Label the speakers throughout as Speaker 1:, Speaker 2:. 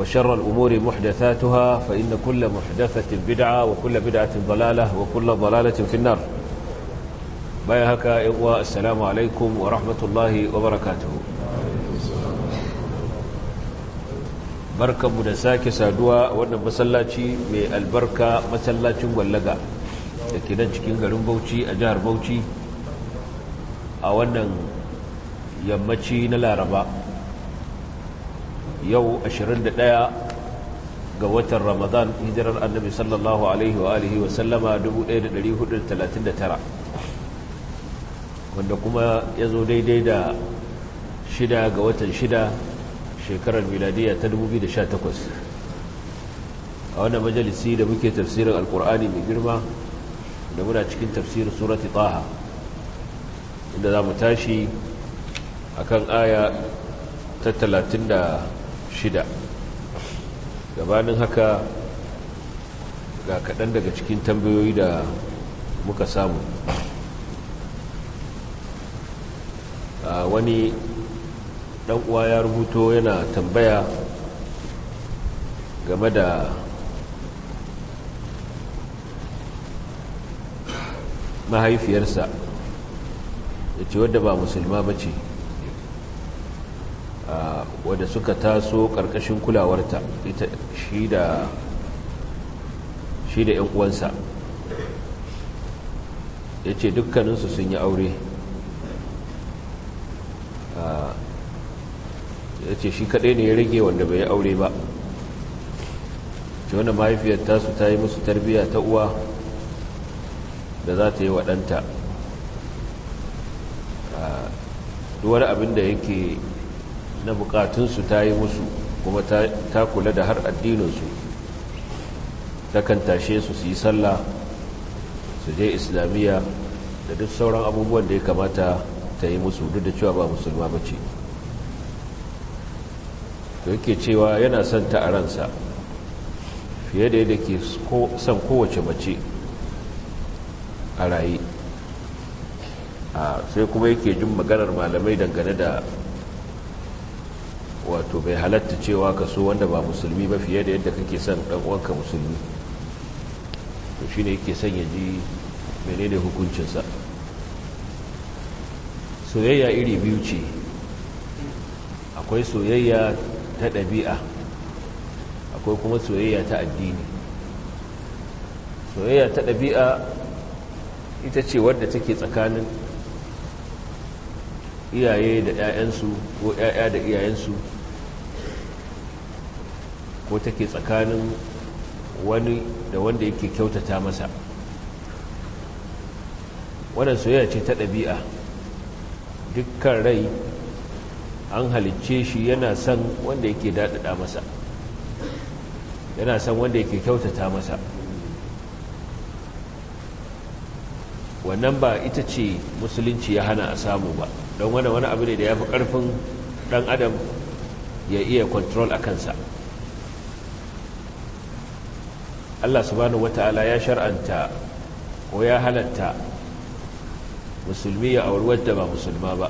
Speaker 1: وشر الأمور محدثاتها فإن كل محدثة بدعة وكل بدعة ضلالة وكل ضلالة في النار بايهك إغواء السلام عليكم ورحمة الله وبركاته بركة مدساك سادوا وانا مسلاتي من البركة مسلاتي واللقاء لكن نجكين قلن بوتي أجار بوتي أولا يمتي نلا ربا yau 21 ga watan ramadan hijirar annabi sallallahu alaihi wa alihi wa 1439 wanda kuma ya zo daidai da shida ga watan shida shekarar miladiya ta 2018 a wannan majalisi da muke tafsirin alkur'ani mai girma da muna cikin tafsirin surati taha inda za mu tashi akan aya ta 30 shida gabanin haka ga kaɗan daga cikin tambayoyi da muka samu wani uwa ya rubuto yana tambaya game da mahaifiyarsa ya ce wadda ba musulma ba ce wadda suka taso ƙarƙashin kulawarta shi da 'yan uwansa ya ce dukkaninsu sun yi aure ya ce shi kaɗai ne ya rage wanda bai yi aure ba ce wanda mahaifiyar tasu ta yi musu tarbiyya ta uwa da za ta yi waɗanta duwar abin da yake na bukatunsu ta yi musu kuma ta kula da har addininsu takan tashe su su yi sallah su je islamiyya da duk sauran abubuwan da ya kamata ta yi musu duk da cewa ba musulma ba ce to yake cewa yana son ta a ransa fiye da yadda ke son kowace mace a raye sai kuma yake jin maganar malamai dangane da wato bai halatta cewa ka so wanda ba musulmi ba fiye da yadda kake son dan uwanka musulmi to shine yake son yaji ji menene sa soyayya iri biyu ce akwai soyayya ta ɗabi'a akwai kuma soyayya ta addini soyayya ta ɗabi'a ita ce wadda take tsakanin iyaye da 'ya'yansu ko 'ya'ya da iyayensu ko take tsakanin wani da wanda yake kyautata masa wannan soyayya ce ta ɗabi'a dukkan rai an halicce shi yana son wanda yake daɗaɗa masa yana son wanda yake kyautata masa wannan ba ita ce musulunci ya hana a samu ba don wani wani abu ne da ya fi ƙarfin ɗan adam ya iya control a kansa Allah subhanahu wata'ala ya shar'anta ko ya halatta musulmi ya auri wadda ba musulma ba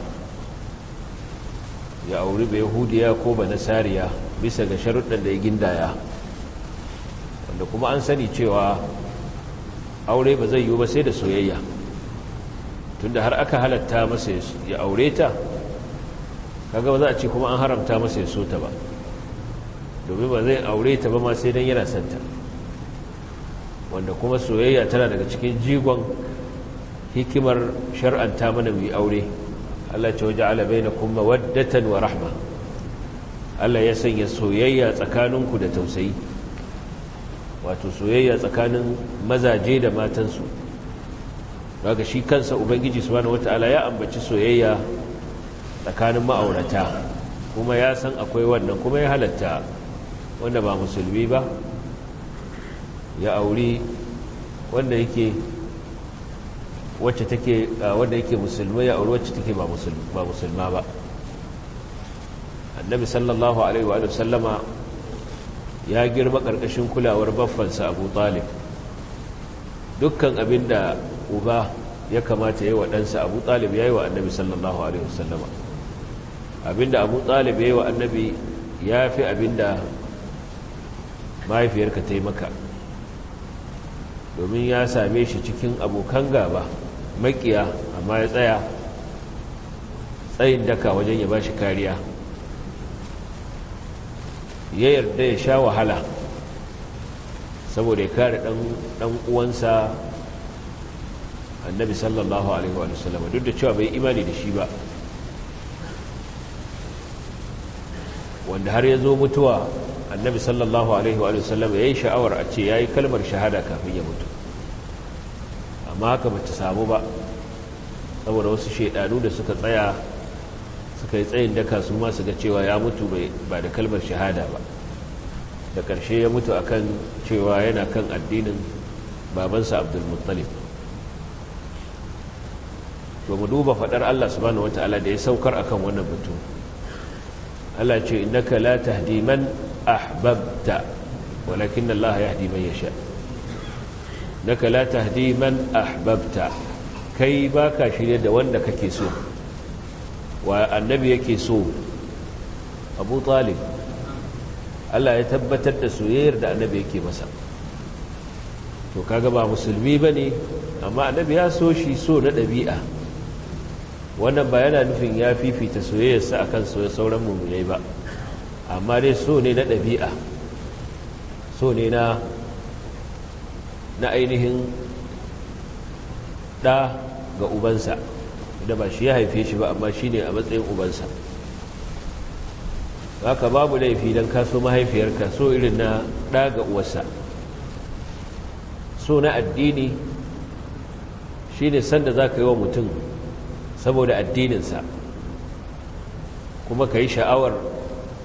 Speaker 1: ya auri ba yahudiya ko ba nasariya bisa ga sharuɗan da ya gindaya wanda kuma an sani cewa aure ba zai yiwu ba sai da soyayya tunda har aka halatta masa ya aure ta kaga ba za a ce kuma an haramta masa ya so ta ba domin ba zai aure ta ba ma sai don yana santa wanda kuma soyayya tana daga cikin jigon hikimar shar'anta mana mu aure Allah ce waje ala na kuma waddatan wa rahma Allah ya sanya soyayya tsakaninku da tausayi wato soyayya tsakanin mazaje da matansu daga shi kansa ubangiji subhanahu ala ya ambaci soyayya tsakanin ma'aurata kuma ya san akwai wannan kuma ya halatta wanda ba musulmi ba ya auri wanda yake wacce take wanda yake musulma ya auri wacce take ba musulma ba annabi sallallahu alaihi wa sallama ya girma karkashin kulawar baffansa abu talib dukkan abinda da uba ya kamata ya yi wa ɗansa abu talib ya yi wa annabi sallallahu alaihi wa sallama abin abu talib ya yi wa annabi ya fi abinda mahaifiyarka ta yi maka domin ya same shi cikin abokan gaba makiya amma ya tsaya tsayin daka wajen ya ba shi kariya ya yarda ya sha wahala saboda ya kare ɗan uwansa annabi sallallahu alaihi wa sallama duk da cewa bai imani da shi ba wanda har ya zo mutuwa annabi sallallahu alaihi wa sallama ya yi sha'awar a ce ya yi kalmar shahada kafin ya mutu amma haka ba ta samu ba saboda wasu shaidanu da suka tsaya suka yi tsayin daka su masu su ga cewa ya mutu ba da kalmar shahada ba da ƙarshe ya mutu akan cewa yana kan addinin babansa abdulmuttalib to mu duba faɗar allah subhanahu wata'ala da ya saukar akan wannan batu allah ce innaka la tahdiman ahbabta walakin allah yahdi ya sha. na la tahdi man ahbabta kai baka shirya da wanda kake so wa annabi yake so Abu Talib Allah ya tabbatar da soyayyar da annabi yake masa to kaga ba musulmi ne amma annabi ya so shi so na ɗabi'a wannan ba yana nufin ya fifita soyayyarsa akan sauran mu'minai ba amma dai so ne na ɗabi'a so ne na na ainihin ɗa ga ubansa da ba shi ya haife shi ba amma shi ne a matsayin ubansa haka babu laifi don kaso mahaifiyarka so irin na ɗa ga uwarsa so na addini shi ne sanda za ka yi wa mutum saboda addininsa kuma ka yi sha'awar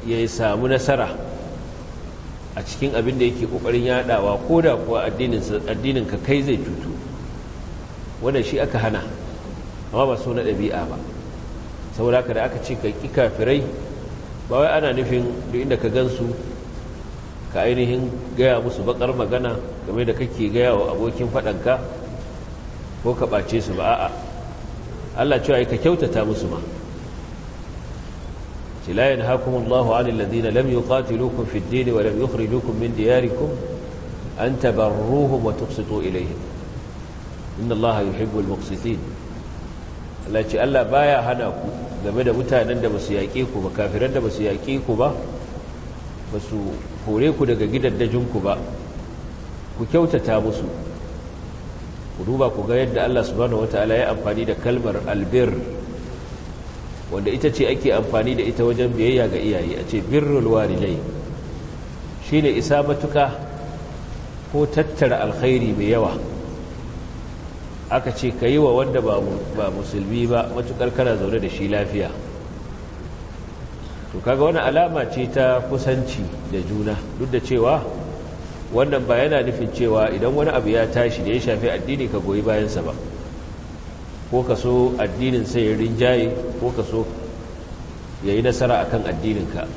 Speaker 1: ya yi samu nasara a cikin abin da yake kokarin yadawa ko da kuwa addinin ka kai zai tutu wannan shi aka hana amma ba so na ɗabi'a ba saboda ka da aka ce ka ƙi kafirai ba wai ana nufin duk inda ka gansu ka ainihin gaya musu bakar magana game da kake gaya wa abokin faɗanka ko ka ɓace su ba a'a Allah cewa ka kyautata musu ma ce la yanhakumullahu 'anil ladina lam yuqatilukum fid din wa lam yukhrijukum min diyarikum an tabarruhum wa tuqsitu ilayhim inna allaha yuhibbul muqsitin Allah ce Allah baya hana ku game da mutanen da basu yaƙe ku ba kafiran da basu yaƙe ku ba basu hore ku daga gidaddajin ku ba ku kyautata musu ku duba ku ga yadda Allah subhanahu wataala ya amfani da kalmar albir wanda ita ce ake amfani da ita wajen biyayya ga iyaye a ce birrul walidai shine isa matuka ko tattara alkhairi mai yawa aka ce ka yi wa wanda ba musulmi ba matukar kana zaune da shi lafiya to kaga wani alama ce ta kusanci da juna duk da cewa wannan ba yana nufin cewa idan wani abu ya tashi da ya shafi addini ka goyi bayansa ba ko ka so addinin sai ya rinjaye ko ka so ya yi nasara akan addininka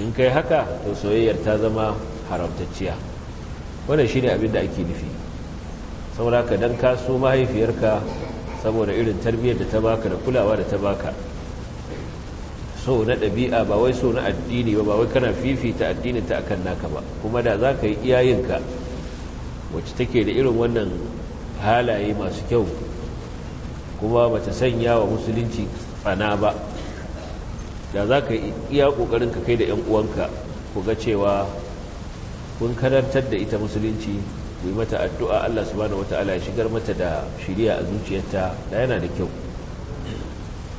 Speaker 1: in kai haka to soyayyar ta zama haramtacciya shi ne abin da ake nufi saboda ka don ka so mahaifiyarka saboda irin tarbiyyar da ta baka da kulawa da ta baka so na ɗabi'a ba wai so na addini ba ba wai kana fifita addininta akan naka ba kuma da za ka yi iyayenka wacce take da irin wannan halaye masu kyau kuma ba ta sanya wa musulunci tsana ba da za ka iya ƙoƙarin ka kai da 'yan uwanka ku ga cewa kun karantar da ita musulunci ku yi mata addu'a Allah subhanahu wata'ala ya shigar mata da shiriya a zuciyarta da yana da kyau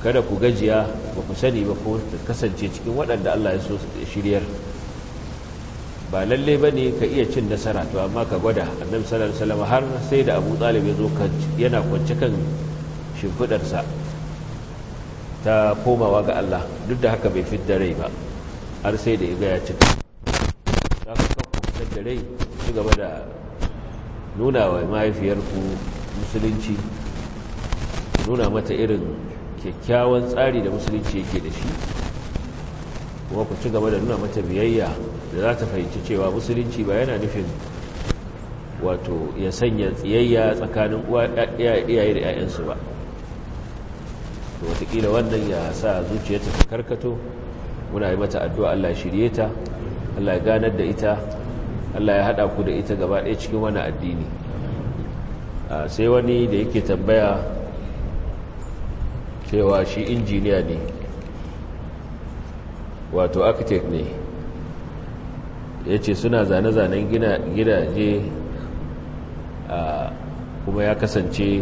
Speaker 1: kada ku gajiya ba ku sani ba ko ta kasance cikin waɗanda Allah ya so shiryar ba lalle ba ne ka iya cin nasara to amma ka gwada annabi sallallahu alaihi wasallam har sai da Abu Talib ya zo yana kwance kan shimfidarsa ta komawa ga Allah duk da haka bai fi rai ba har sai da iga ya cika za ka kafa da rai ci gaba da nuna wa mahaifiyarku musulunci nuna mata irin kyakkyawan tsari da musulunci yake da shi kuma ku ci gaba da nuna mata biyayya da za ta fahimci cewa musulunci ba yana nufin wato ya sanya tsiyayya tsakanin iyaye da 'ya'yansu ba to watakila wannan ya sa zuciyarta ta karkato muna yi mata addu'a Allah ya shirye ta Allah ya ganar da ita Allah ya haɗa ku da ita gaba ɗaya cikin wani addini sai wani da yake tambaya cewa shi injiniya ne wato architect ne ya ce suna zane-zanen gidaje kuma ya kasance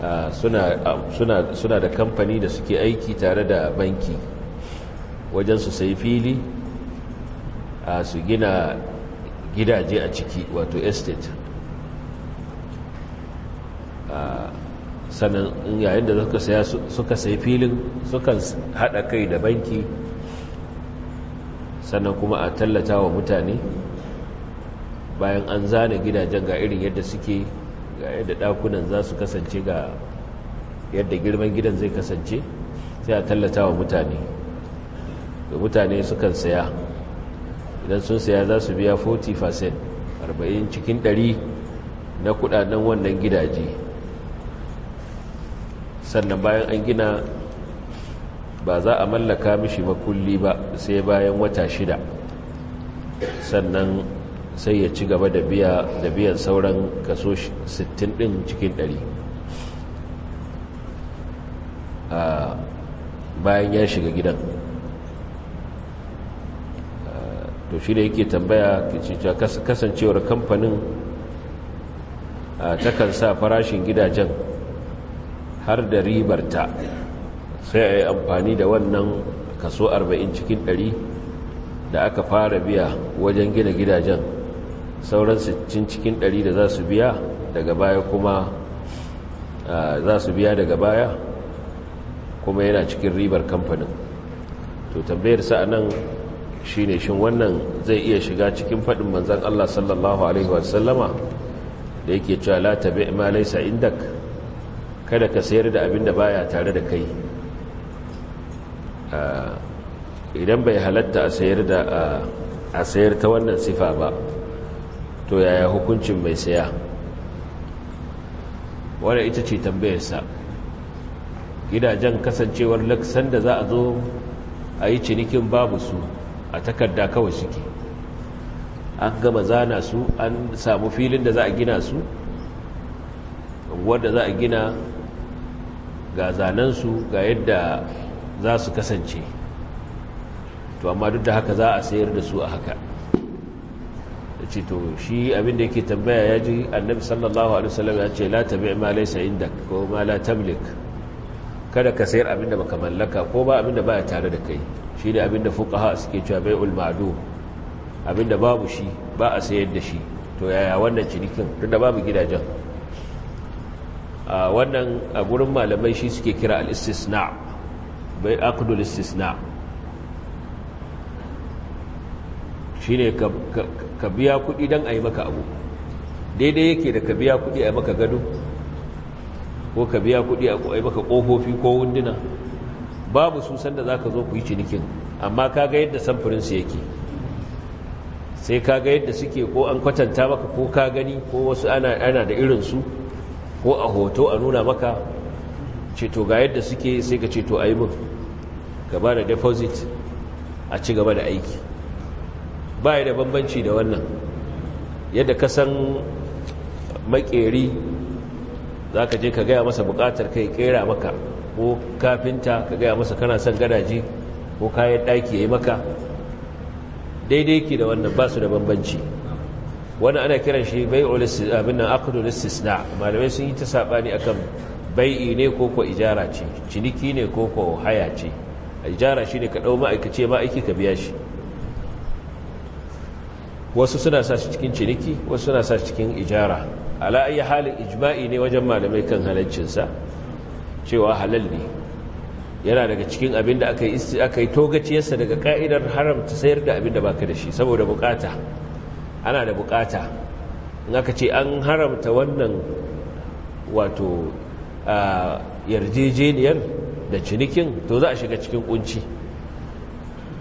Speaker 1: Ah, ah, suna da kamfani da suke aiki tare da banki wajen su sai fili ah, su gina gidaje a ciki wato estate sannan yayin da suka sai filin sukan haɗa kai da banki sannan kuma a tallata wa mutane bayan an zane gidajen ga irin yadda suke ga yadda ɗakunan za su kasance ga yadda girman gidan zai kasance sai a tallata wa mutane da mutane sukan saya idan sun saya za su biya 40% 40 cikin 100 na kudaden wannan gidaje sannan bayan an gina ba za a mallaka mishi makulli ba sai bayan wata shida sannan sai ya ci gaba da biyan sauran kaso 60 din cikin 100 bayan ya shiga gidan to shi da yake tambaya kasancewar kamfanin takan sa farashin gidajen har da ribarta sai a yi amfani da wannan kaso 40 cikin 100 da aka fara biya wajen gina gidajen sauran cin-cin cikin ɗari da za su biya daga baya kuma za su biya daga baya kuma yana cikin ribar kamfanin to tambayar sa nan shine shin wannan zai iya shiga cikin faɗin manzan Allah sallallahu alaihi wasallama da yake cewa la tabi ma laysa indak kada ka sayar da abin da baya tare da kai idan bai halatta a sayar ta wannan sifa ba to yaya hukuncin mai saya wadda ita ce tambayarsa gidajen kasancewar laksan da za a zo a yi cinikin babu su a takarda kawai suke an gama zana su an samu filin da za a gina su wadda za a gina ga zanensu ga yadda za su kasance to amma duk da haka za a sayar da su a haka ce to shi abinda yake tambaya ya ji annabi sallallahu alaihi wasallam ya ce la tabi ma laysa indak ko ma la tamlik kada ka sayar abinda baka mallaka ko ba abinda baya tare da kai shi da abinda fuqaha suke cewa bai'ul ma'du abinda babu shi ba a sayar da shi to yaya wannan cinikin da babu gidajen a wannan a gurin malamai shi suke kira al-istisna bai aqdul istisna shine ka biya kuɗi don a yi maka abu daidai yake da ka biya kuɗi a maka gado ko ka biya kuɗi a yi maka ƙofofi ko wunduna babu su sanda za ka zo ku yi cinikin amma ka ga yadda samfurinsu yake sai ka ga yadda suke ko an kwatanta maka ko ka gani ko wasu ana da irinsu ko a hoto a nuna maka ceto ga yadda suke sai ka ceto a yi min gaba da deposit a ci gaba da aiki ba da bambanci da wannan yadda ka san makeri za ka je ka gaya masa bukatar kai kera maka ko kafinta ka gaya masa kana son gadaji ko kayan ɗaki ya yi maka daidai ke da wannan ba su da bambanci wani ana kiran shi bai abin nan akudu na malamai sun yi ta saɓani akan bai'i ne ko ko ijara ce ciniki ne ko ko haya ce ijara shi ne ka ɗau ma'aikace ma'aiki ka biya shi wasu suna sa shi cikin ciniki wasu suna sa shi cikin ijara ala ayi halin ijma'i ne wajen malamai kan halaccinsa cewa halal ne yana daga cikin abin da aka yi aka yi togaciyarsa daga ka'idar haramta sayar da abin da baka da shi saboda bukata ana da bukata in aka ce an haramta wannan wato yarjejeniyar da cinikin to za a shiga cikin kunci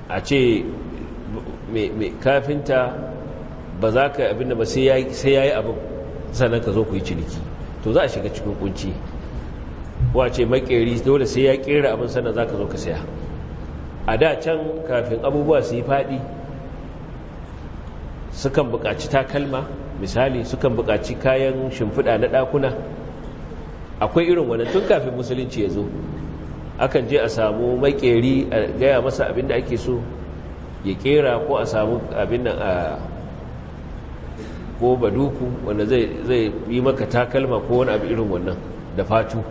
Speaker 1: a ce kafinta ba za ka abin da ba sai ya yi abin sannan ka zo ku yi ciniki to za a shiga cikin kunci wace makeri dole sai ya kera abin sannan za ka zo ka saya a da can kafin abubuwa su yi faɗi sukan buƙaci takalma misali sukan buƙaci kayan shimfiɗa na ɗakuna akwai irin wani tun kafin musulunci ya zo akan je a samu makeri a gaya masa abin da ake so ya kera ko a samu abin nan a ko baduku wanda zai yi maka takalma ko wani abu irin wannan da fatu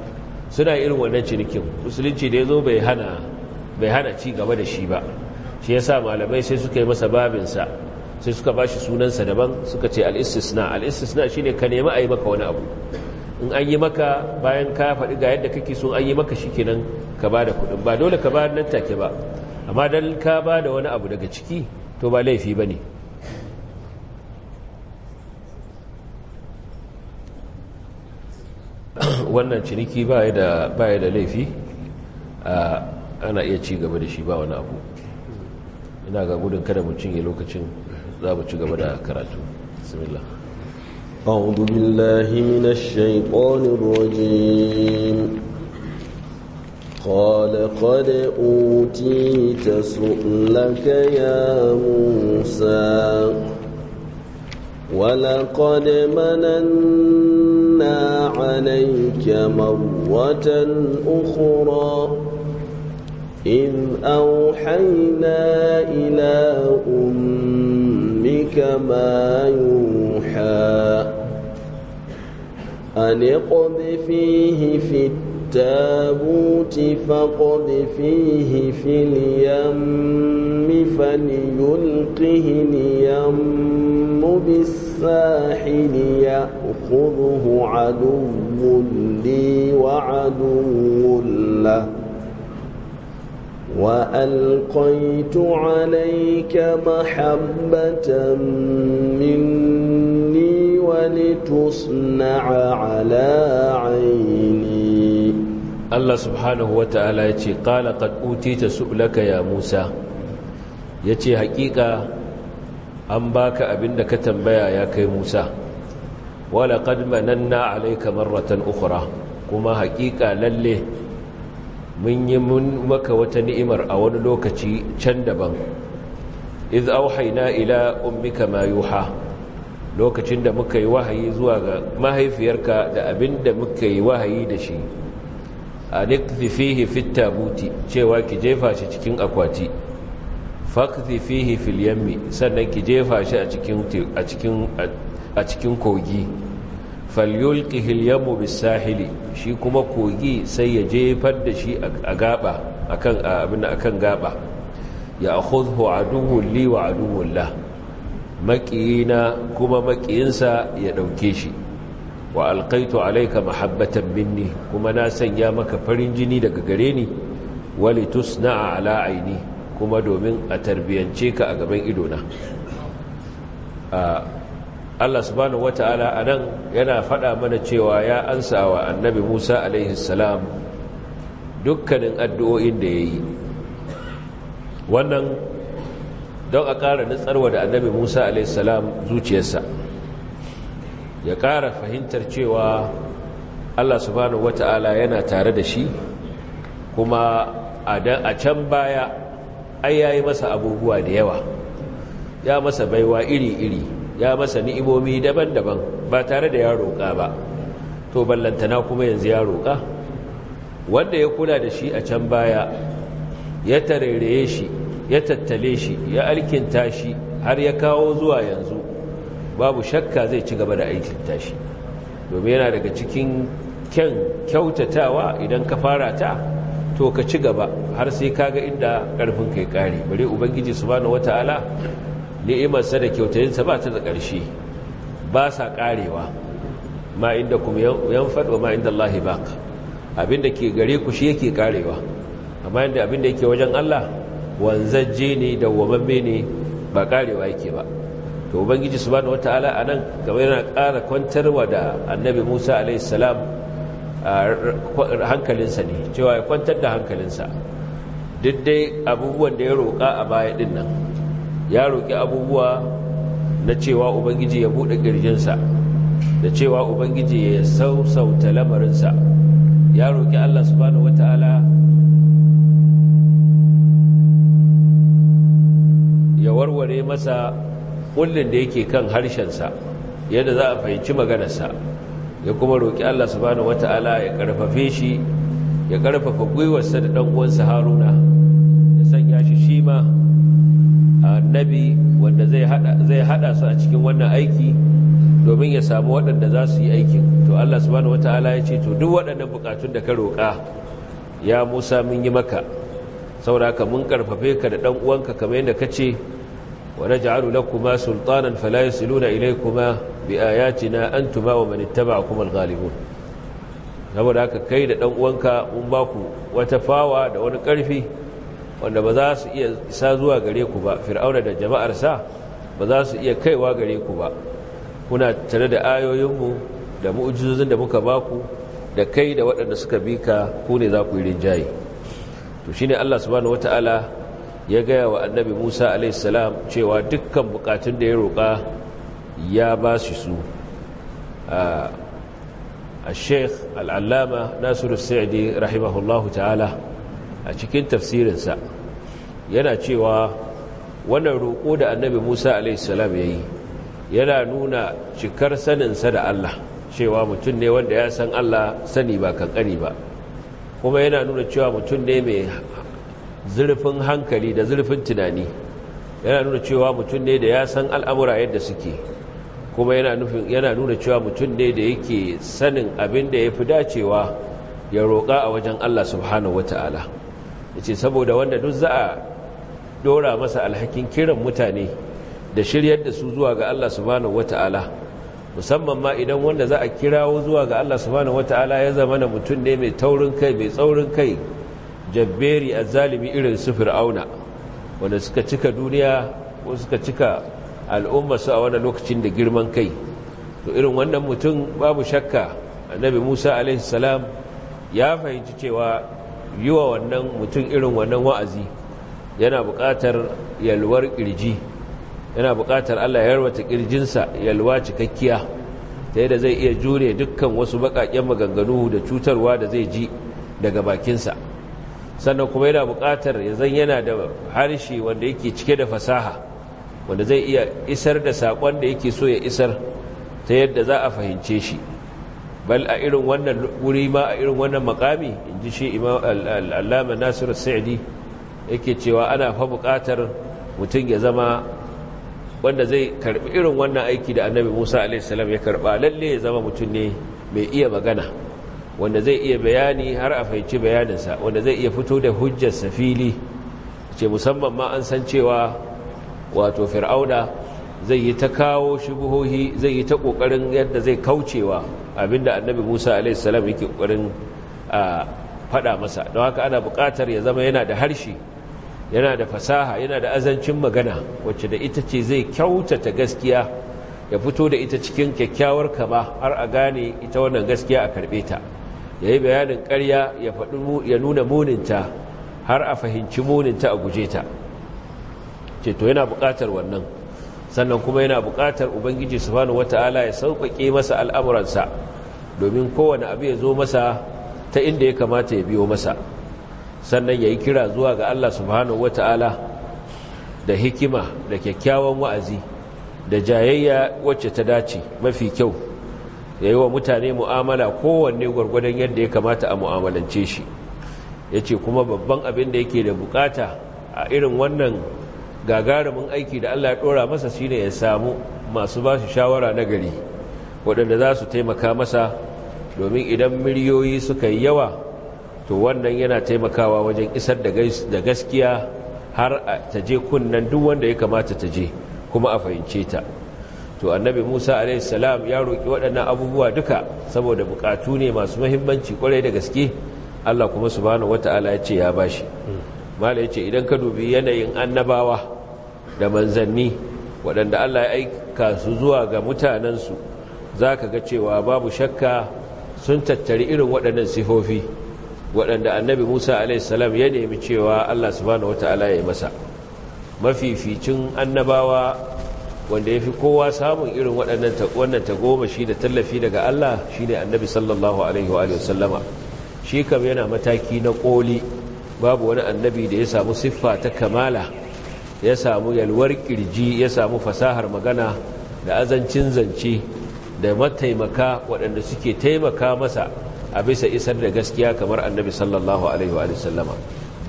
Speaker 1: suna irin wannan cinikin musulunci da ya zo bai hana ci gaba da shi ba shi ya sa malamai sai suka yi masa babinsa sai suka ba shi sunansa daban suka ce al'istisna al'istisna shi ne ka nemi a yi maka wani abu in an yi maka bayan ka faɗi ga yadda kake so an yi maka shi kenan ka ba da kuɗin ba dole ka ba nan take ba amma dan ka ba da wani abu daga ciki to ba laifi ba ne wannan ciniki baya da laifi ana iya ci gaba da shi ba wani abu ina ga gudun kada mu cinye lokacin za mu ci gaba da karatu bismillah أعوذ
Speaker 2: بالله من الشيطان الرجيم قال قد أوتيت سؤلك يا موسى ولقد مننا عليك مرة أخرى إذ أوحينا إلى أمك ما يوحى أن اقذفيه في التاريخ التابوت فقد فيه في اليم فليلقه اليم بالساحل يأخذه عدو لي وعدو له وألقيت عليك محبة مني ولتصنع على عيني
Speaker 1: Allah subhanahu wata'ala ya ce qala qad utita su'laka ya Musa yace haƙiƙa an baka da ka tambaya ya kai Musa wala qad mananna kamar marratan ukhra kuma haƙiƙa lalle mun yi mun maka wata ni'imar a wani lokaci can daban iz auhaina ila ummika ma yuha lokacin da muka yi wahayi zuwa ga mahaifiyarka da abinda muka yi wahayi da shi alikzi fihi fit tabuti cewa ki jefa shi cikin akwati fakzi fihi filiyanmi sannan ki jefa shi a cikin kogi falyulqihi al yammu bis shi kuma kogi sai ya jefar da shi a gaba akan abin akan gaba ya akhudhu aduwwun li wa lah maƙiyina kuma maƙiyinsa ya dauke shi wa alqaitu alaika mahabbatan minni kuma na sanya maka farin jini daga gare ni wali tusna'a ala aini kuma domin a tarbiyance ka a gaban idona Allah subhanahu a anan yana faɗa mana cewa ya ansa wa annabi Musa alaihi salam dukkanin addu'o'in da yayi wannan don a ƙara nutsarwa da annabi Musa alaihi salam zuciyarsa ya ƙara fahimtar cewa Allah subhanahu wata'ala yana tare da shi kuma a can baya ai yayi masa abubuwa da yawa ya masa baiwa iri-iri ya masa ni'imomi daban-daban ba tare da ya roƙa ba to ballantana kuma yanzu ya roƙa wanda ya kula da shi a can baya ya tarereye shi ya tattale shi ya alkinta shi har ya kawo zuwa yanzu babu shakka zai ci gaba da aikin tashi domin yana daga cikin kyan kyautatawa idan ka fara ta to ka ci gaba har sai ka ga inda karfin kai kare bare ubangiji subhanahu wataala ni'imarsa da kyautayinsa ba ta da ƙarshe ba sa karewa ma inda kuma yan wa ma inda Allah abin abinda ke gare ku shi yake karewa amma inda abinda yake wajen Allah wanzaje ne dawwamamme ne ba karewa yake ba to ubangiji subhanahu wataala anan kamar yana ƙara kwantarwa da annabi Musa alayhi salam hankalinsa ne cewa ya kwantar da hankalinsa duk dai abubuwan da ya roƙa a baya din nan ya roƙi abubuwa na cewa ubangiji ya buɗe ƙirjinsa da cewa ubangiji ya sausauta lamarinsa ya roƙi allah subhanahu wata'ala ya warware masa kullun da yake kan harshensa yadda za a fahimci maganarsa ya kuma roƙi Allah subhanahu wata'ala ya karfafe shi ya karfafa gwiwarsa da ɗanuwansa uwansa Haruna ya sanya shi shi ma annabi wanda zai hada su a cikin wannan aiki domin ya samu waɗanda za su yi aikin to Allah subhanahu wata'ala ya ce to duk waɗannan bukatun da ka roƙa ya Musa mun yi maka saboda ka mun karfafe ka da ɗanuwanka uwanka kamar yadda ka ce ونجعل لكما سلطانا فلا يصلون إليكما بآياتنا أنتما ومن اتبعكم الغالبون saboda haka kai da ɗan uwanka mun baku wata fawa da wani ƙarfi wanda ba za su iya isa zuwa gare ku ba fir'auna da jama'arsa ba za su iya kaiwa gare ku ba kuna tare da ayoyinmu da mu'ujizozin da muka baku da kai da waɗanda suka bi ka ku ne za ku yi rinjaye to shine Allah subhanahu wata'ala ya gaya wa annabi musa alaihissalam cewa dukkan bukatun da ya roƙa ya ba su a sheikh al'allama nasiru sa'adi rahimahullahu ta'ala a cikin tafsirinsa yana cewa wannan roƙo da annabi musa alaihissalam ya yi yana nuna cikar saninsa da allah cewa mutum ne wanda ya san allah sani ba kankani ba kuma yana nuna cewa mutum ne mai zurfin hankali da zurfin tunani yana nuna cewa mutum ne da ya san al'amura yadda suke kuma yana nuna cewa mutum ne da yake sanin abin da ya fi dacewa ya roƙa a wajen Allah subhanahu wata'ala ya ce saboda wanda duk za a ɗora masa alhakin kiran mutane da shiryar da su zuwa ga Allah subhanahu wata'ala musamman ma idan wanda za a kirawo zuwa ga Allah subhanahu wata'ala ya zama na mutum ne mai taurin kai mai tsaurin kai jabberi a zalimi irin su fir'auna wanda suka cika duniya ko suka cika al'ummarsu a wani lokacin da girman kai to irin wannan mutum babu shakka annabi musa alaihissalam ya fahimci cewa yi wa wannan mutum irin wannan wa'azi yana buƙatar yalwar ƙirji yana buƙatar allah ya yarwata ƙirjinsa yalwa cikakkiya ta yadda zai iya jure dukkan wasu baƙaƙen maganganu da cutarwa da zai ji daga bakinsa sannan kuma yana buƙatar ya zan yana da harshe wanda yake cike da fasaha wanda zai iya isar da saƙon da yake so ya isar ta yadda za a fahimce shi bal a irin wannan wuri ma a irin wannan makami in ji shi imam al'alama nasiru sa'adi yake cewa ana fa buƙatar mutum ya zama wanda zai karɓi irin wannan aiki da annabi musa a.s. ya karɓa lalle ya zama mutum ne mai iya magana wanda zai iya bayani har a fahimci bayaninsa wanda zai iya fito da hujjarsa fili ce musamman ma an san cewa wato fir'auna zai yi ta kawo shubuhohi zai yi ta ƙoƙarin yadda zai kaucewa abinda annabi musa a.s. yake ƙoƙarin a faɗa masa don haka ana bukatar ya zama yana da harshe yana da fasaha yana da azancin magana wacce da ita ce zai kyautata gaskiya ya fito da ita cikin kyakkyawar kama har a gane ita wannan gaskiya a karɓe ta ya yi bayanin karya ya faɗi ya nuna muninta har a fahimci muninta a guje ta ceto yana buƙatar wannan sannan kuma yana buƙatar ubangiji subhanahu wata'ala ya sauƙaƙe masa al'amuransa domin kowane abu ya zo masa ta inda ya kamata ya biyo masa sannan ya yi kira zuwa ga Allah subhanahu wata'ala da hikima da kyakkyawan wa'azi da jayayya wacce ta dace mafi kyau ya yi wa mutane mu'amala kowanne gwargwadon yadda ya kamata a mu'amalance shi ya ce kuma babban abin da yake da bukata a irin wannan gagarumin aiki da allah ya ɗora masa shine ya samu masu ba su shawara na gari waɗanda za su taimaka masa domin idan miliyoyi suka yi yawa to wannan yana taimakawa wajen isar da gaskiya har ta je kunnen duk wanda ya kamata ta je kuma a fahimce ta to annabi musa salam ya roƙi waɗannan abubuwa duka saboda buƙatu ne masu mahimmanci ƙwarai da gaske allah kuma subhanahu wata'ala ya ce ya bashi mala ya ce idan ka dubi yanayin annabawa da manzanni waɗanda allah ya aika su zuwa ga mutanensu za ka ga cewa babu shakka sun tattari irin waɗannan sifofi waɗanda annabi musa salam ya nemi cewa allah subhanahu wata'ala ya yi masa mafificin annabawa wanda ya fi kowa samun irin waɗannan wannan tagomashi da tallafi daga Allah shi ne annabi sallallahu alaihi wa sallama shi kam yana mataki na ƙoli babu wani annabi da ya samu siffa ta kamala ya samu yalwar ƙirji ya samu fasahar magana da azancin zance da mataimaka waɗanda suke taimaka masa a bisa isar da gaskiya kamar annabi sallallahu alaihi wa sallama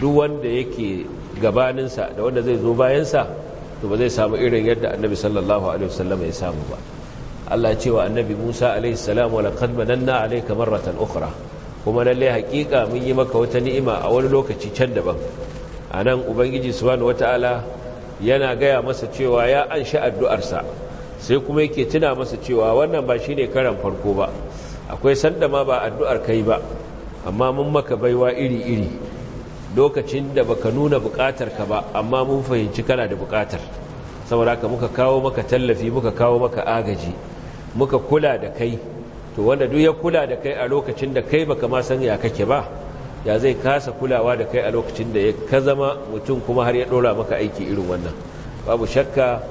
Speaker 1: duk wanda yake gabaninsa da wanda zai zo bayansa to ba zai samu irin yadda annabi sallallahu alaihi wasallam ya samu ba Allah ya ce wa annabi Musa alaihi salam wa laqad mananna alayka marratan ukhra kuma lalle hakika mun yi maka wata ni'ima a wani lokaci can daban anan ubangiji subhanahu wataala yana gaya masa cewa ya anshi addu'arsa sai kuma yake tuna masa cewa wannan ba shine karan farko ba akwai sanda ma ba addu'ar kai ba amma mun maka baiwa iri-iri lokacin da baka nuna bukatar ka ba amma mun fahimci kana da bukatar saboda haka muka kawo maka tallafi muka kawo maka agaji muka kula da kai to wanda duk ya kula da kai a lokacin da kai baka ma san ya kake ba ya zai kasa kulawa da kai a lokacin da ya ka zama mutum kuma har ya dora maka aiki irin wannan babu shakka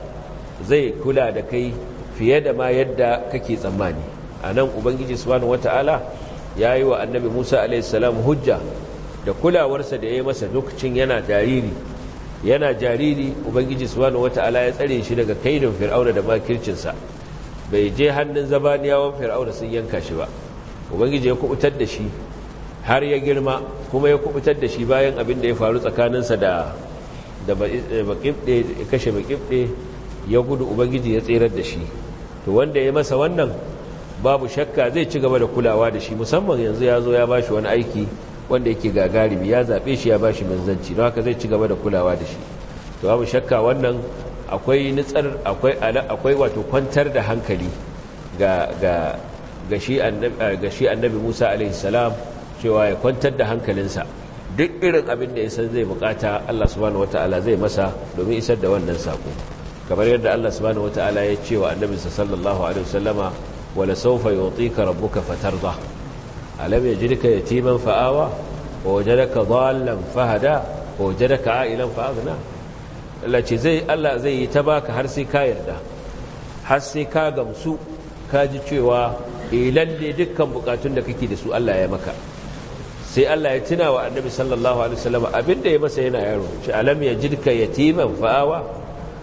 Speaker 1: zai kula da kai fiye da ma yadda kake tsammani a nan ubangiji subhanahu wata'ala ya yi wa annabi musa salam hujja da kulawarsa da ya yi masa lokacin yana jariri yana jariri ubangiji subhanahu wata'ala ya tsare shi daga kaidin fir'auna da makircinsa bai je hannun zabaniyawan fir'auna sun yanka shi ba ubangiji ya kubutar da shi har ya girma kuma ya kubutar da shi bayan abin da ya faru tsakaninsa da da eh, bakibde kashe bakibde ya gudu ubangiji ya tserar da shi to wanda ya masa wannan babu shakka zai ci gaba da kulawa da shi musamman yanzu ya zo ya ba shi wani aiki wanda yake gagarimi ya zaɓe shi ya bashi manzanci don haka zai ci gaba da kulawa da shi to babu shakka wannan akwai nitsar akwai akwai wato kwantar da hankali ga ga ga shi annabi ga shi annabi Musa alaihi salam cewa ya kwantar da hankalinsa duk irin abin da ya san zai bukata Allah subhanahu wataala zai masa domin isar da wannan sako kamar yadda Allah subhanahu wataala ya ce wa annabinsa sallallahu alaihi wasallama wala sawfa yutika rabbuka fatarda alam yajidka yatiman fa'awa wa wajadaka dhallan fahada wa wajadaka a'ilan fa'aghna Allah ce zai Allah zai yi ta baka har sai ka yarda har sai ka gamsu ka ji cewa eh lalle dukkan bukatun da kake da su Allah ya maka sai Allah ya tuna wa annabi sallallahu alaihi wasallam abinda ya masa yana yaro shi alam yajidka yatiman fa'awa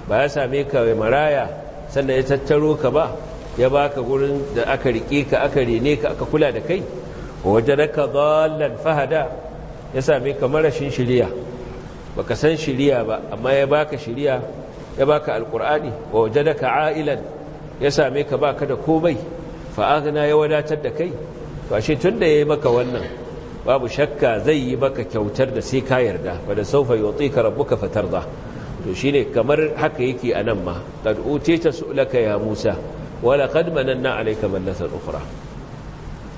Speaker 1: ba ya same ka maraya sannan ya tattaro ka ba ya baka gurin da aka rike ka aka rene ka aka kula da kai wajadaka dhallan fahada ya same ka marashin shiriya baka san shiriya ba amma ya baka shiriya ya baka alqur'ani wa wajadaka a'ilan ya same ka baka da komai fa aghna ya wadatar da kai to ashe tunda yayi maka wannan babu shakka zai yi maka kyautar da sai ka yarda ba da ka rabu ka fitar fatarda to shine kamar haka yake a nan ma qad utita su'laka ya musa wa laqad mananna alayka manatan ukhra